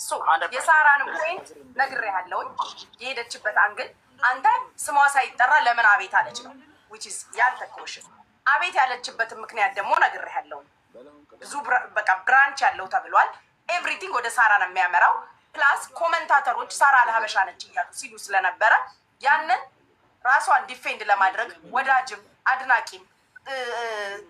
እሱ የሳራን ፖይንት ነግሬሃለሁኝ። የሄደችበት አንግል አንተ ስሟ ሳይጠራ ለምን አቤት አለች ነው ዊች ኢዝ ያንተ ኮሽን። አቤት ያለችበትን ምክንያት ደግሞ ነግሬሃለሁኝ። ብዙ በቃ ብራንች ያለው ተብሏል። ኤቭሪቲንግ ወደ ሳራ ነው የሚያመራው። ፕላስ ኮመንታተሮች ሳራ ለሀበሻ ነች እያሉ ሲሉ ስለነበረ ያንን ራሷን ዲፌንድ ለማድረግ ወዳጅም አድናቂም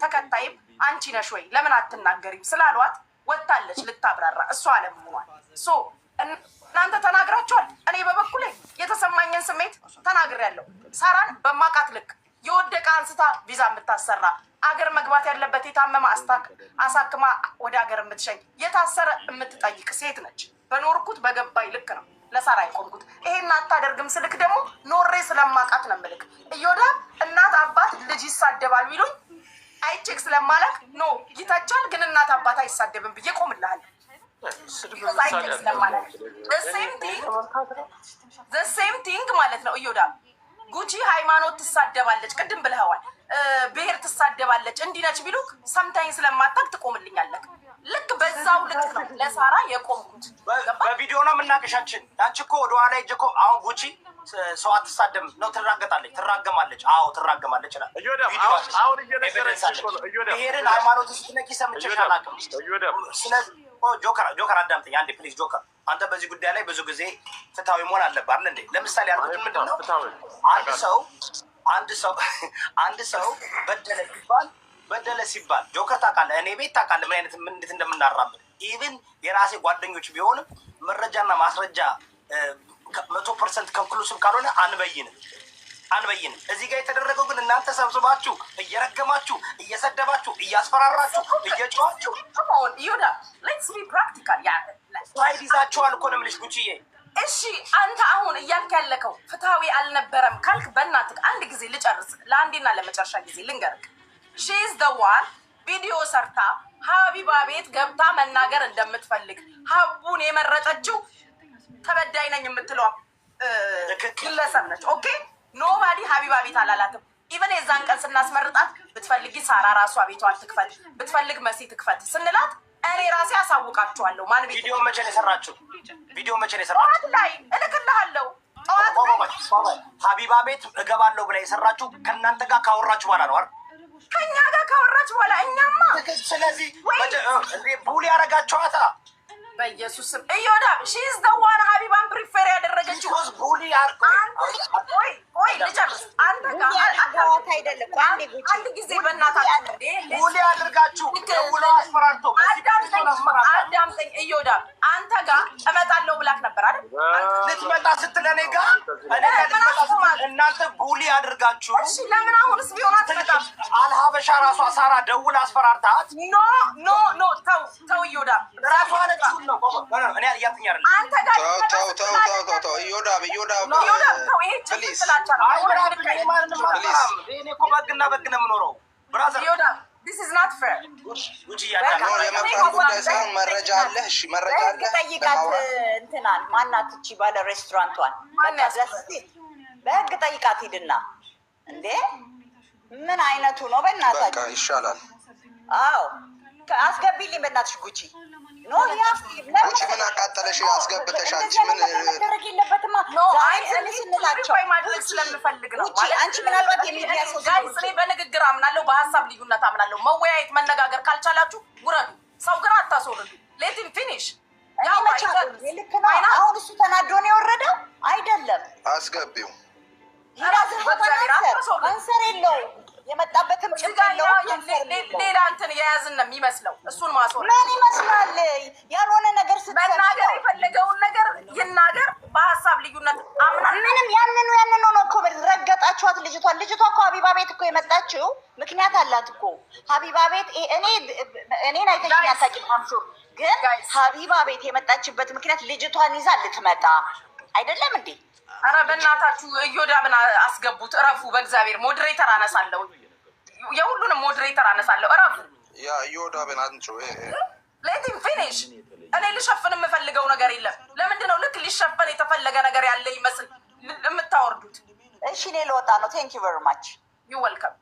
ተከታይም አንቺ ነሽ ወይ ለምን አትናገሪም ስላሏት ወጥታለች ልታብራራ እሷ አለመሆኗል እናንተ ተናግራችኋል። እኔ በበኩሌ የተሰማኝን ስሜት ተናግሬያለሁ። ሳራን በማቃት ልክ የወደቀ አንስታ ቪዛ የምታሰራ አገር መግባት ያለበት የታመመ አስታክ አሳክማ ወደ ሀገር የምትሸኝ የታሰረ የምትጠይቅ ሴት ነች። በኖርኩት በገባኝ ልክ ነው ለሳራ አይቆምኩት። ይሄን አታደርግም ስልክ ደግሞ ኖሬ ስለማቃት ነው ምልክ እዮዳ እናት አባት ልጅ ይሳደባል ቢሉኝ አይቼክ ስለማላክ ኖ ይተቻል፣ ግን እናት አባት አይሳደብም ብዬ ቆምልሃል። ሴም ቲንግ ማለት ነው። እዮዳ ጉቺ ሃይማኖት ትሳደባለች፣ ቅድም ብለኸዋል። ብሔር ትሳደባለች፣ እንዲህ ነች ቢሉክ ሰምታኝ ስለማታቅ ትቆምልኛለክ። ልክ በዛው ልክ ነው ለሳራ የቆምኩት። በቪዲዮ ነው የምናቀሻችን። አንቺ እኮ ወደኋላ ሂጅ እኮ አሁን ጉቺ ሰው አትሳደም ነው ትራገጣለች፣ ትራገማለች። አዎ ትራገማለች ይላል። ብሔርን ሃይማኖት ስትነኪ ሰምቼሽ አላውቅም። ጆከር ጆከር አዳምጠኝ አንዴ ፕሊዝ ጆከር አንተ በዚህ ጉዳይ ላይ ብዙ ጊዜ ፍትሐዊ መሆን አለብህ አለ እንዴ ለምሳሌ ያልኩት ምንድን ነው አንድ ሰው አንድ ሰው አንድ ሰው በደለ ሲባል በደለ ሲባል ጆከር ታውቃለህ እኔ ቤት ታውቃለህ ምን አይነት እንዴት እንደምናራምድ ኢቭን የራሴ ጓደኞች ቢሆንም መረጃና ማስረጃ መቶ ፐርሰንት ኮንክሉሲቭ ካልሆነ አንበይንም አንበይን እዚህ ጋር የተደረገው ግን እናንተ ሰብስባችሁ እየረገማችሁ እየሰደባችሁ እያስፈራራችሁ እየጮኋችሁ ስላይድ ይዛችኋል እኮ ነው የምልሽ ጉቺዬ። እሺ አንተ አሁን እያልክ ያለከው ፍትሐዊ አልነበረም ካልክ በእናትህ አንድ ጊዜ ልጨርስ፣ ለአንዴና ለመጨረሻ ጊዜ ልንገርክ። ሺዝ ደዋል ቪዲዮ ሰርታ ሀቢባ ቤት ገብታ መናገር እንደምትፈልግ ሀቡን የመረጠችው ተበዳይ ነኝ የምትለው ግለሰብ ነች። ኦኬ ኖባዲ ሀቢባ ቤት አላላትም። ኢቨን የዛን ቀን ስናስመርጣት ብትፈልጊ ሳራ ራሷ ቤቷ ትክፈት፣ ብትፈልግ መሲ ትክፈት ስንላት እኔ ራሴ አሳውቃችኋለሁ። ማን ቤት ቪዲዮ መቼ ነው የሰራችሁ? ቪዲዮ መቼ ነው የሰራችሁ? ጠዋት ላይ እልክልሃለሁ። ጠዋት ላይ ሀቢባ ቤት እገባለሁ ብላ የሰራችሁ ከእናንተ ጋር ካወራችሁ በኋላ ነው አይደል? ከእኛ ጋር ካወራችሁ በኋላ እኛማ ስለዚህ ቡል ያረጋችኋታ በኢየሱስም እዮዳ ሺዝ ደዋን ሀቢባን ፕሪፌር ያደረገችው ቆይ ልጨርስ። አንተ አንድ ጊዜ በእናታችሁ አዳምጠኝ አዳምጠኝ እዮዳ፣ አንተ ጋ እመጣለሁ ብላክ ነበር አይደል? ልትመጣ ስትል እኔ ጋር እናንተ ቡሊ አድርጋችሁ ለምን አሁንስ ቢሆን አትመጣም? አልሀበሻ ራሷ ሳራ ደውል አስፈራርታት። ኖ ኖ ኖ፣ ተው ተው እዮዳ፣ ራሷ አለችውን ነው እኔ እያትኛ አለ አንተ ጋር ተው ተው ተው ተው ተው። መረጃ መረጃ እንትናን ማናት እቺ ባለ ሬስቶራንቷን በህግ ጠይቃት ሂድና። እንዴ ምን አይነቱ ነው? በእናትህ ይሻላል። አዎ አስገቢልኝ በእናትሽ ጉቺ። ኖ ምን አቃጠለሽ? ምን ነገርማ ማድረግ ስለምፈልግ ነው። በንግግር አምናለሁ፣ በሀሳብ ልዩነት አምናለሁ። መወያየት መነጋገር ካልቻላችሁ ውረዱ። ሰው ግን አታስወርዱ። ሌቲም ፊኒሽ ልክ ነው። አሁን እሱ ተናዶ ነው የወረደው አይደለም። አስገቢው ይራዘ የለውም የመጣበትም ሌላ እንትን የያዝን ነው የሚመስለው። እሱን ማስወር ምን ይመስላል? ያልሆነ ነገር ስትናገር የፈለገውን ነገር ይናገር። በሀሳብ ልዩነት ምንም ያንኑ ያንኑ ነው እኮ ረገጣችኋት ልጅቷን። ልጅቷ እኮ ሀቢባ ቤት እኮ የመጣችው ምክንያት አላት እኮ ሀቢባ ቤት እኔ እኔን አይተሽኝ አታውቂም። ግን ሀቢባ ቤት የመጣችበት ምክንያት ልጅቷን ይዛ ልትመጣ አይደለም እንዴ? ኧረ በእናታችሁ እዮዳብን አስገቡት። እረፉ። በእግዚአብሔር ሞዴሬተር አነሳለሁ። የሁሉንም ሞድሬተር አነሳለሁ። እረፍ ያ ዮዳብን አንጮ ሌቲም ፊኒሽ እኔ ልሸፍን የምፈልገው ነገር የለም። ለምንድን ነው ልክ ሊሸፈን የተፈለገ ነገር ያለ ይመስል የምታወርዱት? እሺ እኔ ልወጣ ነው። ቴንክ ዩ ቨሪ ማች ዩ ወልከም።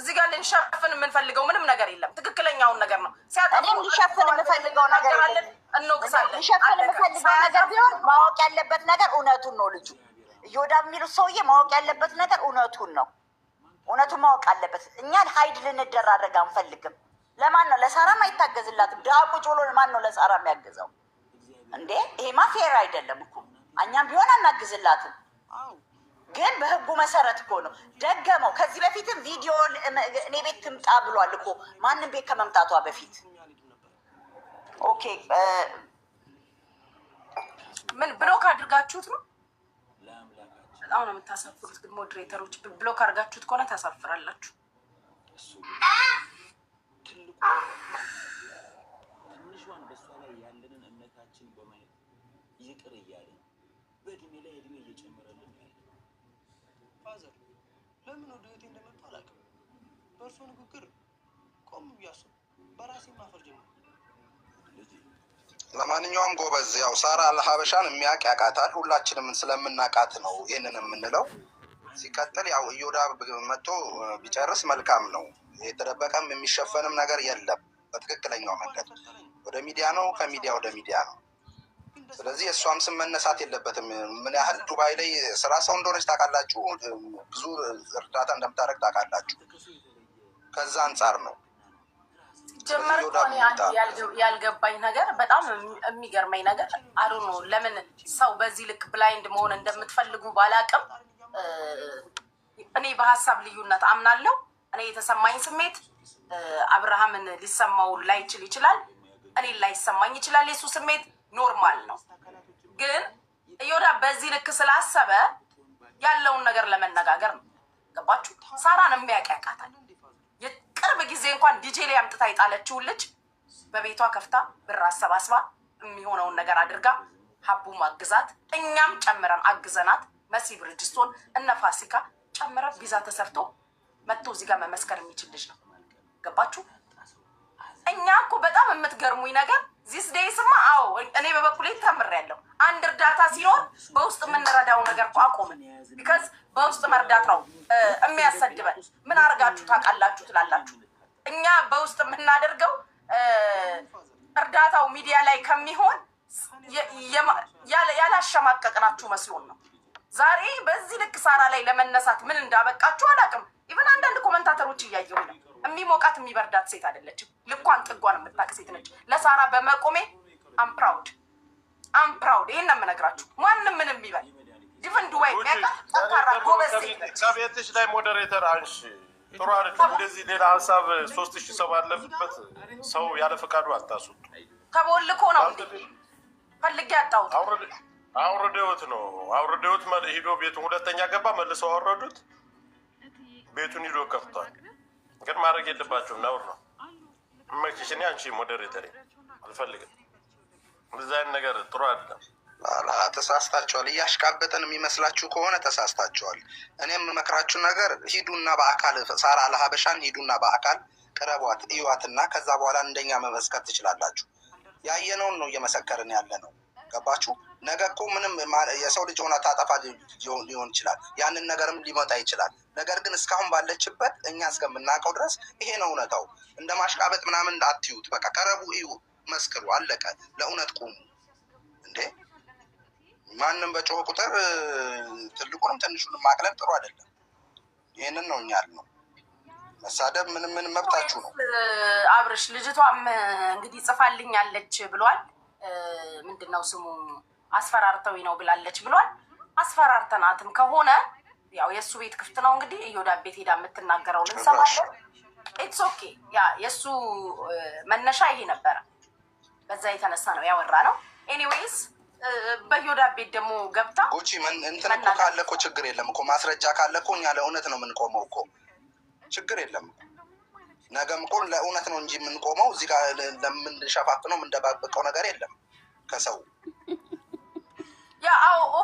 እዚህ ጋር ልንሸፍን የምንፈልገው ምንም ነገር የለም። ትክክለኛውን ነገር ነው። እኔም ሊሸፍን የምፈልገው ነገር የለም። እንወቅሳለን። ሊሸፍን የምፈልገው ነገር ቢሆን ማወቅ ያለበት ነገር እውነቱን ነው። ልጁ ዮዳብ የሚሉት ሰውዬ ማወቅ ያለበት ነገር እውነቱን ነው። እውነቱ ማወቅ አለበት። እኛ ሀይድ ልንደራረግ አንፈልግም። ለማን ነው ለሳራም አይታገዝላትም። ዳቁ ጭሎ ማን ነው ለሳራ የሚያገዘው እንዴ? ይሄማ ፌር አይደለም እኮ እኛም ቢሆን አናግዝላትም። ግን በህጉ መሰረት እኮ ነው ደገመው። ከዚህ በፊትም ቪዲዮ እኔ ቤት ትምጣ ብሏል እኮ ማንም ቤት ከመምጣቷ በፊት ኦኬ። ምን ብሎክ አድርጋችሁት ነው? በጣም ነው የምታሳፍሩት። ግን ሞዴሬተሮች ብሎክ አድርጋችሁት ከሆነ ታሳፍራላችሁ። ትንሿን በሷ ላይ ያለንን እምነታችን በማየት ይቅር እያለን በእድሜ ላይ እድሜ እየጨመረልን ያለ ፋዘር ለምን ወደ ህይወቴ እንደመጡ አላውቅም። በእርሶ ንግግር ቆም እያሱ በራሴ ማፈር ጀመር ልጅ ለማንኛውም ጎበዝ ያው ሳራ ለሀበሻን የሚያውቅ ያውቃታል። ሁላችንም ስለምናውቃት ነው ይህንን የምንለው። ሲቀጥል ያው እዮዳ መጥቶ ቢጨርስ መልካም ነው። የተደበቀም የሚሸፈንም ነገር የለም። በትክክለኛው መንገድ ወደ ሚዲያ ነው፣ ከሚዲያ ወደ ሚዲያ ነው። ስለዚህ እሷም ስም መነሳት የለበትም። ምን ያህል ዱባይ ላይ ስራ ሰው እንደሆነች ታውቃላችሁ። ብዙ እርዳታ እንደምታደርግ ታውቃላችሁ። ከዛ አንጻር ነው ጀመር ያልገባኝ ነገር በጣም የሚገርመኝ ነገር አዶ ነው። ለምን ሰው በዚህ ልክ ብላይንድ መሆን እንደምትፈልጉ ባላቅም፣ እኔ በሀሳብ ልዩነት አምናለሁ። እኔ የተሰማኝ ስሜት አብርሃምን ሊሰማው ላይችል ይችላል፣ እኔን ላይሰማኝ ይችላል። የሱ ስሜት ኖርማል ነው። ግን እዮዳ በዚህ ልክ ስላሰበ ያለውን ነገር ለመነጋገር ነው። ገባችሁ? ሳራን የሚያውቅ ያውቃታል ቅርብ ጊዜ እንኳን ዲጄ ላይ አምጥታ የጣለችው ልጅ በቤቷ ከፍታ ብር አሰባስባ የሚሆነውን ነገር አድርጋ ሀቡ ማግዛት እኛም ጨምረን አግዘናት መሲ ብርጅስቶን እነ ፋሲካ ጨምረን ቪዛ ተሰርቶ መጥቶ እዚህ ጋር መመስከር የሚችል ልጅ ነው። ገባችሁ? እኛ እኮ በጣም የምትገርሙኝ ነገር ዚስ ደይስማ አዎ እኔ በበኩሌ ተምሬያለሁ። አንድ እርዳታ ሲኖር በውስጥ የምንረዳው ነገር እኮ አቆምን። ቢካዝ በውስጥ መርዳት ነው የሚያሰድበን። ምን አድርጋችሁ ታውቃላችሁ ትላላችሁ። እኛ በውስጥ የምናደርገው እርዳታው ሚዲያ ላይ ከሚሆን ያላሸማቀቅናችሁ መስሎን ነው። ዛሬ በዚህ ልክ ሳራ ላይ ለመነሳት ምን እንዳበቃችሁ አላውቅም። ኢቨን አንዳንድ ኮመንታተሮች እያየሁ ነው የሚሞቃት የሚበርዳት ሴት አይደለችም። ልኳን ጥጓን የምታቅ ሴት ነች። ለሳራ በመቆሜ አምፕራውድ አምፕራውድ ይህን ነው የምነግራችሁ። ማንም ምንም ይበል ድፍን ዱባይ ጠንካራ ጎበዝ ሴት ነች። ከቤትሽ ላይ ሞዴሬተር አንሺ ጥሩ አለች። እንደዚህ ሌላ ሀሳብ ሶስት ሺህ ሰው አለፍበት ሰው ያለ ፈቃዱ አታስወጡ። ተቦልኮ ነው ፈልጌ ያጣሁት። አውርደውት ነው አውርደውት ሂዶ ቤቱን ሁለተኛ ገባ መልሰው አወረዱት። ቤቱን ሂዶ ከፍቷል። ግን ማድረግ የለባቸውም። ነውር ነው። መችሽ እኔ አንቺ ሞዴሬተር አልፈልግም። እዛን ነገር ጥሩ አይደለም። ተሳስታችኋል። እያሽቃበጠን የሚመስላችሁ ከሆነ ተሳስታችኋል። እኔ የምመክራችሁ ነገር ሂዱና በአካል ሳራ ለሀበሻን ሂዱና በአካል ቅረቧት፣ እዩዋትና ከዛ በኋላ እንደኛ መመስከር ትችላላችሁ። ያየነውን ነው እየመሰከርን ያለ ነው። ገባችሁ? ነገ እኮ ምንም የሰው ልጅ ሆና ታጠፋ ሊሆን ይችላል። ያንን ነገርም ሊመጣ ይችላል። ነገር ግን እስካሁን ባለችበት እኛ እስከምናውቀው ድረስ ይሄ ነው እውነታው። እንደ ማሽቃበጥ ምናምን አትዩት። በቃ ቀረቡ፣ እዩ፣ መስክሩ፣ አለቀ። ለእውነት ቁሙ። እንዴ ማንም በጮኸ ቁጥር ትልቁንም ትንሹንም ማቅለል ጥሩ አይደለም። ይህንን ነው እኛ ያልነው። መሳደብ ምን ምን መብታችሁ ነው። አብርሽ ልጅቷም እንግዲህ ጽፋልኛለች ብሏል። ምንድን ነው ስሙ አስፈራርተው ነው ብላለች ብሏል። አስፈራርተናትም ከሆነ ያው የእሱ ቤት ክፍት ነው እንግዲህ እዮዳ ቤት ሄዳ የምትናገረው ልንሰማለን። ኢትስ ኦኬ። ያ የእሱ መነሻ ይሄ ነበረ። በዛ የተነሳ ነው ያወራ ነው። ኤኒዌይስ በዮዳ ቤት ደግሞ ገብታ ጉቺ እንትን እኮ ካለ እኮ ችግር የለም እኮ ማስረጃ ካለ እኮ እኛ ለእውነት ነው የምንቆመው እኮ ችግር የለም። ነገም እኮ ለእውነት ነው እንጂ የምንቆመው እዚህ ጋር ለምንሸፋፍነው የምንደባበቀው ነገር የለም ከሰው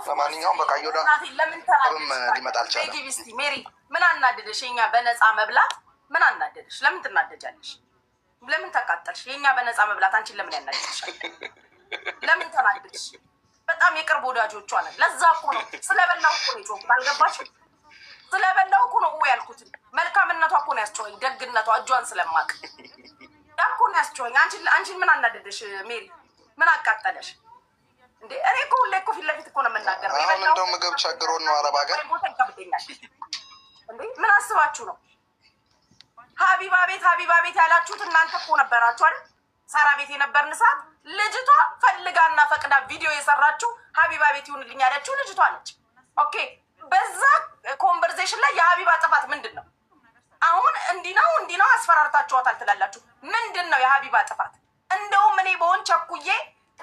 ለማንኛውም በቃ ዮዳ ጥብም ሊመጣ አልቻለም። ሜሪ ምን አናደደሽ? የኛ በነፃ መብላት ምን አናደደሽ? ለምን ትናደጃለሽ? ለምን ተቃጠልሽ? የኛ በነፃ መብላት አንቺን ለምን ያናደድሻል? ለምን ተናደድሽ? በጣም የቅርብ ወዳጆቿ ነን። ለዛ እኮ ነው ስለበላው እኮ ነው የጮኩት። አልገባችሁ? ስለበላው እኮ ነው ያልኩትን። መልካምነቷ እኮ ነው ያስቸወኝ፣ ደግነቷ እጇን ስለማቅ ያ እኮ ነው ያስቸወኝ። አንቺን ምን አናደደሽ ሜሪ? ምን አቃጠለሽ? እንዴ እኔ እኮ ሁሌ እኮ ፊት ለፊት እኮ ነው የምናገረው። አሁን እንደው ምግብ ቸግሮን ነው አረብ ሀገር እንዴ ምን አስባችሁ ነው ሀቢባ ቤት ሀቢባ ቤት ያላችሁት እናንተ እኮ ነበራችሁ አይደል? ሳራ ቤት የነበርን ሰዓት ልጅቷ ፈልጋና ፈቅዳ ቪዲዮ የሰራችሁ ሀቢባ ቤት ይሁንልኝ ያለችው ልጅቷ ነች። ኦኬ በዛ ኮንቨርሴሽን ላይ የሀቢባ ጥፋት ምንድን ነው? አሁን እንዲህ ነው እንዲህ ነው አስፈራርታችኋታል ትላላችሁ። ምንድን ነው የሀቢባ ጥፋት? እንደውም እኔ በሆን ቸኩዬ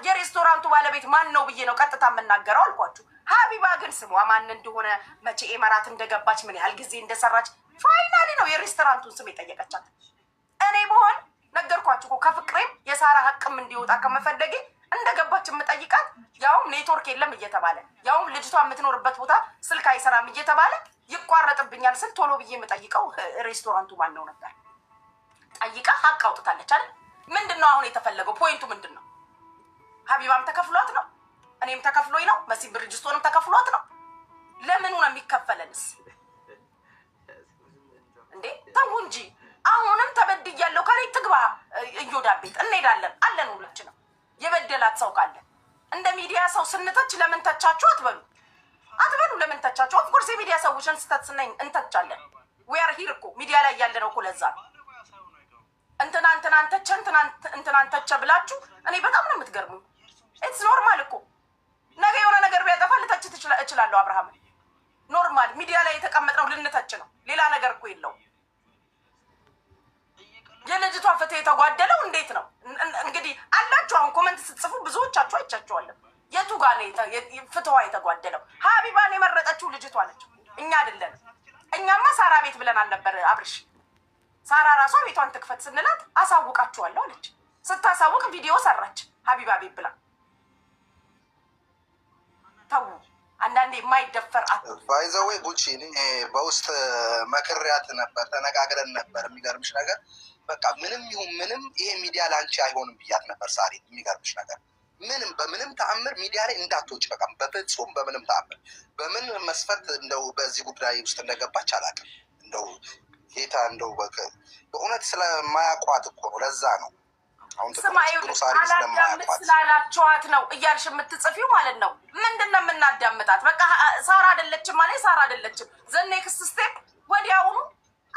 የሬስቶራንቱ ባለቤት ማን ነው ብዬ ነው ቀጥታ የምናገረው አልኳችሁ። ሀቢባ ግን ስሟ ማን እንደሆነ መቼ ኤመራት እንደገባች ምን ያህል ጊዜ እንደሰራች ፋይናሊ ነው የሬስቶራንቱን ስም የጠየቀቻት። እኔ በሆን ነገርኳችሁ እኮ ከፍቅሬም የሳራ ሀቅም እንዲወጣ ከመፈለጌ እንደገባች የምጠይቃት ያውም ኔትወርክ የለም እየተባለ ያውም ልጅቷ የምትኖርበት ቦታ ስልክ አይሰራም እየተባለ ይቋረጥብኛል ስል ቶሎ ብዬ የምጠይቀው ሬስቶራንቱ ማን ነው ነበር። ጠይቃ ሀቅ አውጥታለች አይደል? ምንድን ነው አሁን የተፈለገው? ፖይንቱ ምንድን ነው? ሀቢባም ተከፍሏት ነው፣ እኔም ተከፍሎኝ ነው፣ መሲ ብርጅስቶንም ተከፍሏት ነው። ለምኑ ነው የሚከፈለንስ? እንዴ ተው እንጂ አሁንም ተበድያለሁ። ከሬት ትግባ እዮዳ ቤት እንሄዳለን አለን። ነው የበደላት ሰው ካለ እንደ ሚዲያ ሰው ስንተች ለምን ተቻችሁ አትበሉ አትበሉ። ለምን ተቻችሁ? ኦፍኮርስ የሚዲያ ሰዎችን ስተት ስናይ እንተቻለን። ዌር ሂር እኮ ሚዲያ ላይ ያለ ነው እኮ ለዛ ነው እንትና እንትናንተቸ እንትናንተቸ ብላችሁ እኔ በጣም ነው የምትገርሙ። ኢትስ ኖርማል እኮ ነገ የሆነ ነገር ቢያጠፋ ልተች እችላለሁ። አብርሃም ኖርማል ሚዲያ ላይ የተቀመጥነው ልንተች ነው። ሌላ ነገር እኮ የለው የልጅቷ ፍትህ የተጓደለው እንዴት ነው እንግዲህ አላችሁ። አሁን ኮመንት ስትጽፉ ብዙዎቻችሁ አይቻችኋለን። የቱ ጋ ነው ፍትዋ የተጓደለው? ሀቢባን የመረጠችው ልጅቷ ነች፣ እኛ አይደለንም። እኛማ ሳራ ቤት ብለን አልነበር አብርሽ። ሳራ ራሷ ቤቷን ትክፈት ስንላት አሳውቃችኋለሁ አለች። ስታሳውቅ ቪዲዮ ሰራች ሀቢባ ቤት ብላ ተው። አንዳንዴ የማይደፈር ባይዘዌ ጉቺ በውስጥ መክሪያት ነበር፣ ተነጋግረን ነበር። የሚገርምሽ ነገር በቃ ምንም ይሁን ምንም ይሄ ሚዲያ ላንቺ አይሆንም ብያት ነበር ሳሪ። የሚገርምሽ ነገር ምንም በምንም ተአምር ሚዲያ ላይ እንዳትወጭ በቃ በፍጹም በምንም ተአምር። በምን መስፈርት እንደው በዚህ ጉዳይ ውስጥ እንደገባች አላውቅም። እንደው ጌታ እንደው በእውነት ስለማያውቋት እኮ ነው። ለዛ ነው ስማኤል ስላላቸዋት ነው እያልሽ የምትጽፊው ማለት ነው። ምንድን ነው የምናዳምጣት? በቃ ሳራ አይደለችም ማለት ሳራ አይደለችም። ዘኔ ስቴፕ ወዲያውኑ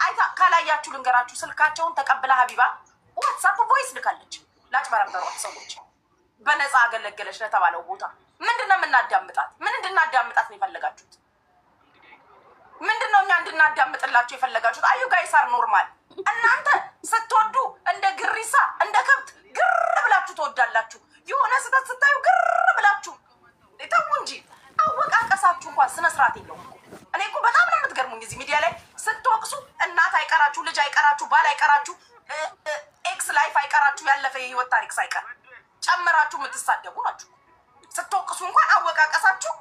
አይታ ካላያችሁ ልንገራችሁ፣ ስልካቸውን ተቀብላ ሀቢባ ዋትሳፕ ቮይስ ልካለች። ላጭበረበሯት ሰዎች በነፃ አገለገለች ለተባለው ቦታ ምንድን ነው የምናዳምጣት? ምን እንድናዳምጣት ነው የፈለጋችሁት? ምንድን ነው እኛ እንድናዳምጥላቸው የፈለጋችሁት? አዩ ጋይስ አር ኖርማል። እናንተ ስትወዱ እንደ ግሪሳ እንደ ከብት ግር ብላችሁ ትወዳላችሁ። የሆነ ስህተት ስታዩ ግር ብላችሁ ተው እንጂ አወቃቀሳችሁ እንኳን ስነስርዓት የለውም። እኔ እኮ በጣም ነው የምትገርሙኝ። እዚህ ሚዲያ ላይ ስትወቅሱ እናት አይቀራችሁ፣ ልጅ አይቀራችሁ፣ ባል አይቀራችሁ፣ ኤክስ ላይፍ አይቀራችሁ፣ ያለፈ የህይወት ታሪክ ሳይቀር ጨምራችሁ የምትሳደቡ ናችሁ። ስትወቅሱ እንኳን አወቃቀሳችሁ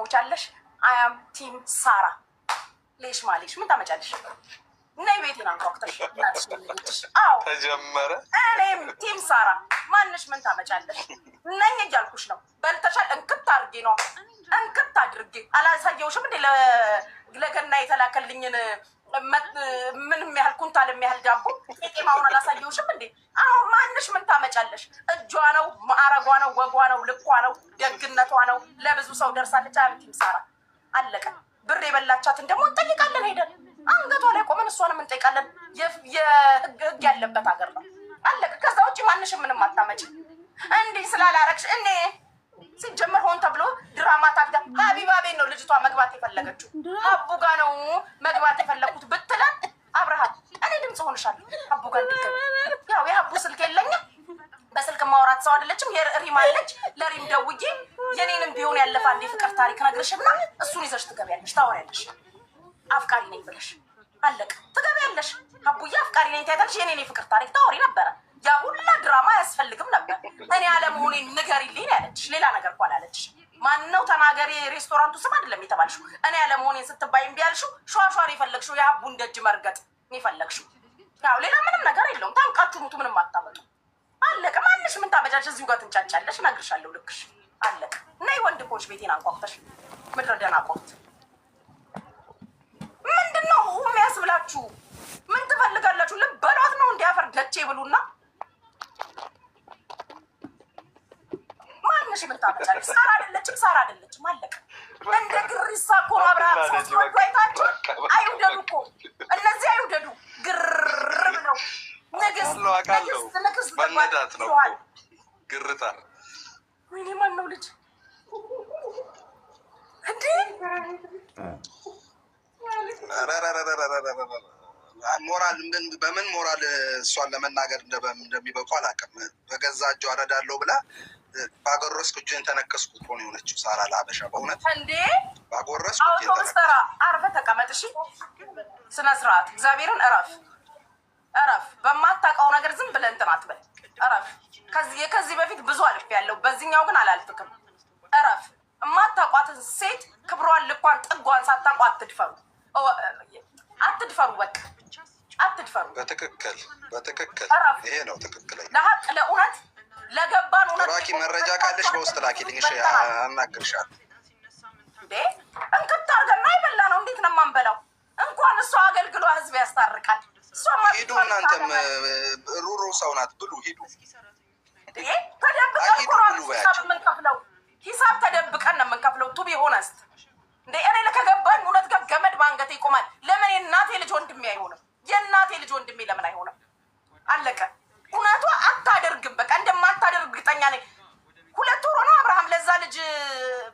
ትሞቻለሽ። አያም ቲም ሳራ ሌሽ ማሌሽ ምን ታመጫለሽ? እና ቤቴን አንኳኩተሽ እናትሽ ተጀመረ። እኔም ቲም ሳራ ማንሽ ምን ታመጫለሽ ነኝ እያልኩሽ ነው። በልተሻል። እንክብት አድርጌ ነው እንክብት አድርጌ አላሳየውሽም እንዴ ለገና የተላከልኝን ምንም ያህል ኩንታል የሚያህል ዳቦ ቄጤማውን አላሳየውሽም እንዴ? አሁን ማንሽ ምን ታመጫለሽ? እጇ ነው ማዕረጓ ነው ወጓ ነው ልኳ ነው ደግነቷ ነው። ለብዙ ሰው ደርሳለች። አያምት ሳራ አለቀ። ብር የበላቻትን ደግሞ እንጠይቃለን ሄደን አንገቷ ላይ ቆመን እሷንም እንጠይቃለን። የህግ ህግ ያለበት ሀገር ነው። አለቀ። ከዛ ውጭ ማንሽ ምንም አታመጭ። እንዲህ ስላላረግሽ እኔ ሲጀመር ሆን ተብሎ ድራማ ታግዳ ሀቢብ ልጅቷ መግባት የፈለገችው አቡ ጋ ነው መግባት የፈለግኩት ብትለን አብርሃም እኔ ድምፅ ሆንሻለሁ። አቡ ጋ ያው የአቡ ስልክ የለኝም። በስልክ ማውራት ሰው አይደለችም። ሪም አለች። ለሪም ደውዬ የኔንም ቢሆን ያለፈ አንድ የፍቅር ታሪክ ነግርሽና እሱን ይዘሽ ትገቢያለሽ፣ ታወሪያለሽ። አፍቃሪ ነኝ ብለሽ አለቀ፣ ትገቢያለሽ። አቡዬ አፍቃሪ ነኝ ትያታለሽ። የኔን የፍቅር ታሪክ ታወሪ ነበረ። ያ ሁላ ድራማ አያስፈልግም ነበር። እኔ አለመሆኔን ንገሪልኝ ያለችሽ፣ ሌላ ነገር እኮ አላለችሽ። ማነው ተናገሪ። ሬስቶራንቱ ስም አይደለም የተባልሽው። እኔ ያለመሆኔን ስትባይ እምቢ አልሽው። ሸዋሸዋር የፈለግሽው የሀቡን ደጅ መርገጥ የፈለግሽው። ያው ሌላ ምንም ነገር የለውም። ታውቃችሁ ሙቱ፣ ምንም አታመጡ። አለቀ። ማንሽ ምን ታበጃች? እዚሁ ጋር ትንጫጫለሽ። እነግርሻለሁ ልክሽ። አለቀ። ነይ ወንድኮች ቤቴን አንቋቁተሽ ምድረ ደናቆርት ምንድን ነው የሚያስብላችሁ? ምን ትፈልጋላችሁ? ልበሏት ነው እንዲያፈር ደቼ ብሉና ትንሽ የምታመጫለች ሳራ አይደለችም፣ ሳራ አይደለችም። አለቀ። እንደ ግሪሳ እኮ ነው። አብርሃም ሶስት ወዱ አይታችሁ አይውደዱ እኮ እነዚህ አይውደዱ ግርም ነው። ንግስት ንግስት መነዳት ነው ግርታ። ወይኔ ማን ነው ልጅ ሞራል በምን ሞራል እሷን ለመናገር እንደሚበቁ አላውቅም። በገዛ እጇ እረዳለሁ ብላ ባጎረስኩ እጅን ተነከስኩ እኮ ነው የሆነችው። ሳራ ለሀበሻ በእውነት እንዴ ባጎረስኩ አውቶቡስ ተራ አርፈ ተቀመጥ። እሺ ስነ ስርዓት እግዚአብሔርን እረፍ፣ እረፍ። በማታውቀው ነገር ዝም ብለህ እንትን አትበል፣ እረፍ። ከዚህ በፊት ብዙ አልፍ ያለው በዚህኛው ግን አላልፍክም፣ እረፍ። የማታውቋትን ሴት ክብሯን፣ ልኳን፣ ጥጓን ሳታውቁ አትድፈሩ፣ አትድፈሩ፣ በቃ አትድፈሩ። በትክክል በትክክል ይሄ ነው ትክክለኛ ለሀቅ ለእውነት ለገባን ራኪ መረጃ ካለሽ በውስጥ ላኪልኝ። እሺ አናግርሻለሁ። እንዴ እንክት አድርገና ይበላ ነው። እንዴት ነው የማንበላው? እንኳን እሷ አገልግሏ ህዝብ ያስታርቃል። ሂዱ እናንተም ሩሩ ሰው ናት ብሉ ሂዱ። ተደብቀን ሂሳብ የምንከፍለው ሂሳብ ተደብቀን ነው የምንከፍለው። ቱቢ ቢ ሆነስት እንደ እኔ ለከገባኝ እውነት ጋር ገመድ በአንገቴ ይቆማል። ለምን የእናቴ ልጅ ወንድሜ አይሆንም? የእናቴ ልጅ ወንድሜ ለምን አይሆንም? አለቀ። እርግጠኛ ነኝ። ሁለት ወር ነው አብርሃም ለዛ ልጅ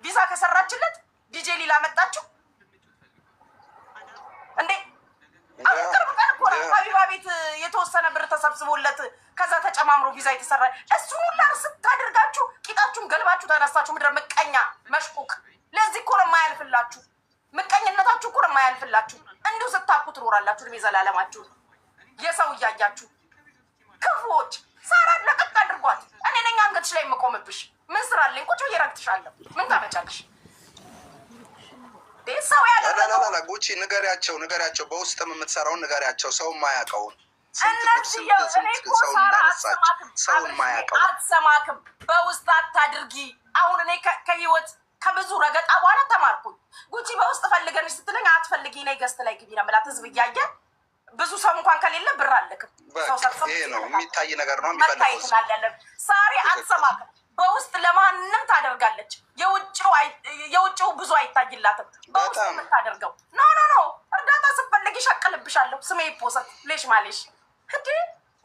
ቪዛ ከሰራችለት ዲጄ ሊላ መጣችው እንዴ? አሁን ቅርብ ቀን እኮ ነው ሀቢባ ቤት የተወሰነ ብር ተሰብስቦለት ከዛ ተጨማምሮ ቪዛ የተሰራ እሱን ሁላ ስታደርጋችሁ ቂጣችሁን ገልባችሁ ተነሳችሁ። ምድረ ምቀኛ መሽቁክ። ለዚህ እኮ ነው የማያልፍላችሁ። ምቀኝነታችሁ እኮ ነው የማያልፍላችሁ። እንዲሁ ስታኩ ትኖራላችሁ እድሜ ዘላለማችሁ የሰው እያያችሁ ክፉዎች እረግጥሻለሁ። ምን ታመጫለሽ? ሰው ያለ ጉቺ ንገሪያቸው፣ ንገሪያቸው። በውስጥም የምትሰራውን ንገሪያቸው፣ ሰው የማያውቀውን አትሰማክም። በውስጥ አታድርጊ። አሁን እኔ ከህይወት ከብዙ ረገጣ በኋላ ተማርኩኝ። ጉቺ በውስጥ ፈልገንሽ ስትለኝ አትፈልጊ፣ ነይ ገዝት ላይ ግቢ ነው የምላት። ህዝብ እያየ ብዙ ሰው እንኳን ከሌለ ብር አለክም። ይሄ ነው የሚታይ ነገር ነው ሳሪ አትሰማክም በውስጥ ለማንም ታደርጋለች። የውጭው ብዙ አይታይላትም። በውስጥ የምታደርገው ኖ ኖ ኖ እርዳታ ስፈልግ ይሸቅልብሻለሁ። ስሜ ይፖሰት ሌሽ ማሌሽ እንዲ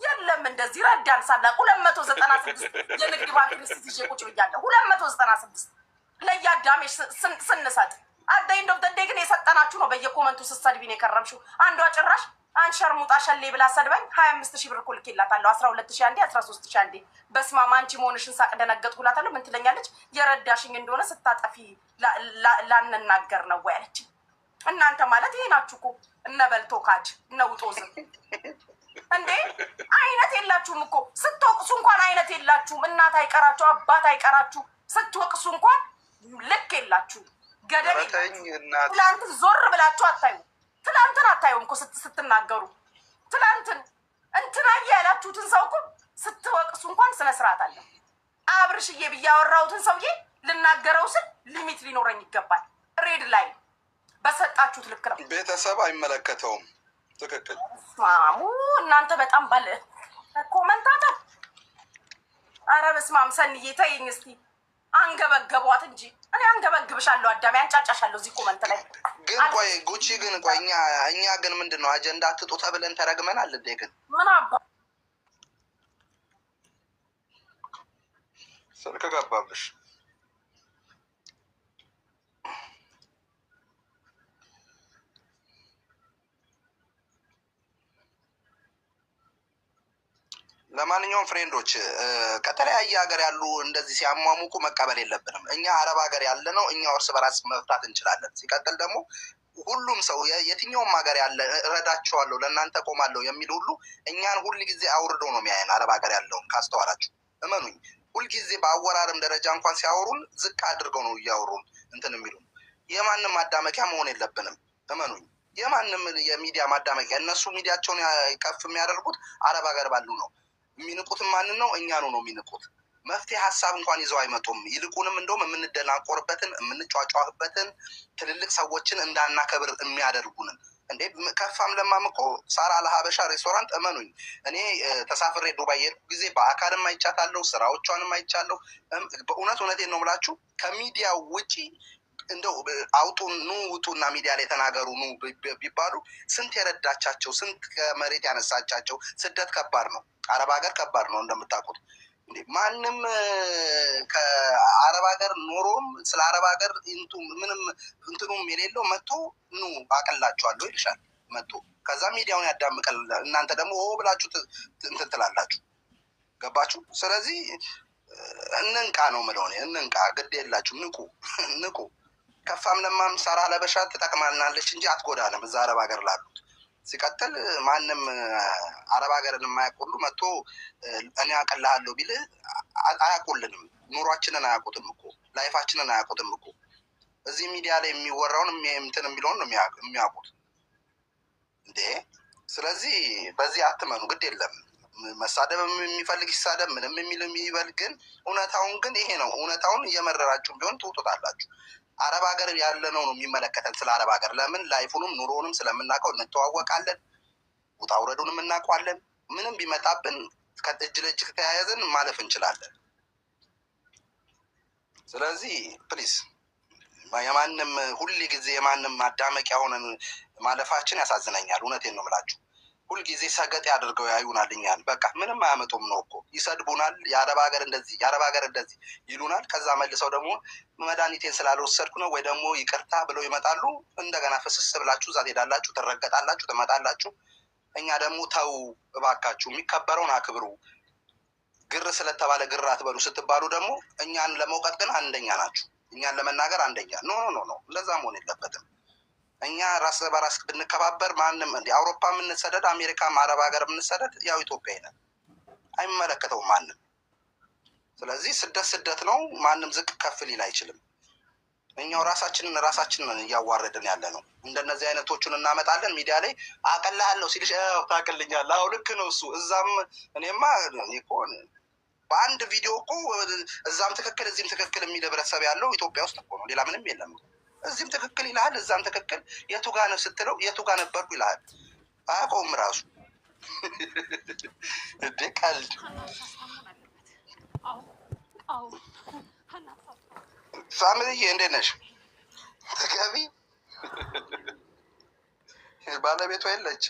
የለም እንደዚህ ረዳን ሳላ ሁለት መቶ ዘጠና ስድስት የንግድ ባንክ ሚስት ይዤ ቁጭ ብያለሁ። ሁለት መቶ ዘጠና ስድስት ለየአዳሜሽ ስንሰጥ አደይ እንደው ደንዴ ግን የሰጠናችሁ ነው። በየኮመንቱ ስትሰድቢን የከረምሽው አንዷ ጭራሽ አንቺ ሸርሙጣ ሸሌ ብላ ሰድባኝ ሀያ አምስት ሺህ ብር እኮ ልኬላታለሁ። አስራ ሁለት ሺህ አንዴ አስራ ሶስት ሺህ አንዴ በስመ አብ አንቺ መሆንሽን ሳቅ ደነገጥኩ እላታለሁ። ምን ትለኛለች? የረዳሽኝ እንደሆነ ስታጠፊ ላንናገር ነው ወይ አለች። እናንተ ማለት ይሄ ናችሁ እኮ እነ በልቶ ካጅ እነ ውጦ እንዴ! አይነት የላችሁም እኮ ስትወቅሱ እንኳን አይነት የላችሁም። እናት አይቀራችሁ፣ አባት አይቀራችሁ። ስትወቅሱ እንኳን ልክ የላችሁ፣ ገደብ ትላንት ዞር ብላችሁ አታዩ ትላንትን አታዩም እኮ ስትናገሩ ትላንትን እንትና ያላችሁትን ሰው እኮ ስትወቅሱ እንኳን ስነ ስርዓት አለ። አብርሽዬ ብያወራሁትን ሰውዬ ልናገረው ስል ሊሚት ሊኖረኝ ይገባል። ሬድ ላይ በሰጣችሁት ልክ ነው። ቤተሰብ አይመለከተውም። ትክክል ማሙ። እናንተ በጣም ባለ ኮመንታተር። አረ በስመ አብ ሰንዬ ተይኝ እስኪ። አንገበገቧት እንጂ እኔ አንገበግብሻለሁ፣ አዳሜ አንጫጫሻለሁ እዚህ ኮመንት ላይ ግን ቆይ ጉቺ ግን ቆይ እኛ እኛ ግን ምንድን ነው አጀንዳ አትጡ ተብለን ተረግመናል እንዴ? ግን ስልክ ገባብሽ ለማንኛውም ፍሬንዶች ከተለያየ ሀገር ያሉ እንደዚህ ሲያሟሙቁ መቀበል የለብንም። እኛ አረብ ሀገር ያለ ነው። እኛ እርስ በራስ መፍታት እንችላለን። ሲቀጥል ደግሞ ሁሉም ሰው የትኛውም ሀገር ያለ እረዳቸዋለሁ፣ ለእናንተ ቆማለሁ የሚል ሁሉ እኛን ሁል ጊዜ አውርዶ ነው የሚያየን። አረብ ሀገር ያለውን ካስተዋላችሁ እመኑኝ፣ ሁልጊዜ በአወራርም ደረጃ እንኳን ሲያወሩን ዝቅ አድርገው ነው እያወሩን እንትን የሚሉ የማንም ማዳመቂያ መሆን የለብንም። እመኑኝ የማንም የሚዲያ ማዳመቂያ እነሱ ሚዲያቸውን ከፍ የሚያደርጉት አረብ ሀገር ባሉ ነው። የሚንቁት ማንን ነው? እኛ ነው ነው የሚንቁት። መፍትሄ ሀሳብ እንኳን ይዘው አይመጡም። ይልቁንም እንደውም የምንደናቆርበትን የምንጫጫህበትን ትልልቅ ሰዎችን እንዳናከብር የሚያደርጉንን እንዴ ከፋም ለማም እኮ ሳራ ለሀበሻ ሬስቶራንት እመኑኝ፣ እኔ ተሳፍሬ ዱባይ የሄድኩ ጊዜ በአካልም አይቻታለሁ፣ ስራዎቿንም አይቻለሁ። በእውነት እውነቴን ነው ብላችሁ ከሚዲያ ውጪ እንደው አውጡ ኑ ውጡና ሚዲያ ላይ ተናገሩ ኑ ቢባሉ ስንት የረዳቻቸው ስንት ከመሬት ያነሳቻቸው። ስደት ከባድ ነው። አረብ ሀገር ከባድ ነው እንደምታውቁት። ማንም ከአረብ ሀገር ኖሮም ስለ አረብ ሀገር ምንም እንትኑም የሌለው መጥቶ ኑ አቀላችኋለሁ ይልሻል መጥቶ ከዛ ሚዲያውን ያዳምቀል። እናንተ ደግሞ ሆ ብላችሁ እንትን ትላላችሁ። ገባችሁ? ስለዚህ እንንቃ ነው ምለሆነ እንንቃ። ግድ የላችሁ ንቁ፣ ንቁ። ከፋም ለማም ሰራ ለበሻ ትጠቅማናለች እንጂ አትጎዳንም። እዛ አረብ ሀገር ላሉት ሲቀጥል ማንም አረብ ሀገርን የማያውቅ ሁሉ መጥቶ እኔ አቀልሃለሁ ቢል አያውቁልንም። ኑሯችንን አያውቁትም እኮ ላይፋችንን አያውቁትም እኮ እዚህ ሚዲያ ላይ የሚወራውን እንትን የሚለውን ነው የሚያውቁት እንዴ። ስለዚህ በዚህ አትመኑ፣ ግድ የለም መሳደብ የሚፈልግ ይሳደብ፣ ምንም የሚል የሚበል ግን እውነታውን ግን ይሄ ነው። እውነታውን እየመረራችሁ ቢሆን ትውጡታላችሁ። አረብ ሀገር ያለ ነው ነው የሚመለከተን። ስለ አረብ ሀገር ለምን ላይፉንም ኑሮውንም ስለምናውቀው እንተዋወቃለን፣ ውጣ ውረዱንም እናውቀዋለን። ምንም ቢመጣብን እጅ ለእጅ ከተያያዘን ማለፍ እንችላለን። ስለዚህ ፕሊስ የማንም ሁል ጊዜ የማንም ማዳመቂያ ሆነን ማለፋችን ያሳዝነኛል። እውነቴን ነው የምላችሁ። ሁልጊዜ ሰገጥ ያደርገው ያዩናል። እኛን በቃ ምንም አያመጡም ነው እኮ ይሰድቡናል። የአረብ ሀገር እንደዚህ የአረብ ሀገር እንደዚህ ይሉናል። ከዛ መልሰው ደግሞ መድኃኒቴን ስላልወሰድኩ ነው ወይ ደግሞ ይቅርታ ብለው ይመጣሉ። እንደገና ፍስስ ብላችሁ እዛ ትሄዳላችሁ፣ ትረገጣላችሁ፣ ትመጣላችሁ። እኛ ደግሞ ተው እባካችሁ የሚከበረውን አክብሩ። ግር ስለተባለ ግር አትበሉ ስትባሉ ደግሞ እኛን ለመውቀጥ ግን አንደኛ ናችሁ። እኛን ለመናገር አንደኛ ኖ ኖ ኖ ኖ፣ እንደዛ መሆን የለበትም። እኛ ራስ በራስ ብንከባበር ማንም እንዲ አውሮፓ የምንሰደድ አሜሪካ፣ አረብ ሀገር የምንሰደድ ያው ኢትዮጵያ ይለን አይመለከተው ማንም። ስለዚህ ስደት ስደት ነው። ማንም ዝቅ ከፍ ሊል አይችልም። እኛው ራሳችንን ራሳችንን እያዋረድን ያለ ነው። እንደነዚህ አይነቶቹን እናመጣለን ሚዲያ ላይ አቀላለሁ ሲልሽ ታቅልኛል። አዎ ልክ ነው እሱ እዛም እኔማ በአንድ ቪዲዮ እኮ እዛም ትክክል እዚህም ትክክል የሚል ህብረተሰብ ያለው ኢትዮጵያ ውስጥ እኮ ነው። ሌላ ምንም የለም። እዚህም ትክክል ይልሃል፣ እዛም ትክክል። የቱጋ ነው ስትለው የቱጋ ነበርኩ ይልሃል። አያውቀውም ራሱ እንዴ ቀልድ ሳምንዬ እንዴት ነሽ? ተገቢ ባለቤቷ የለች።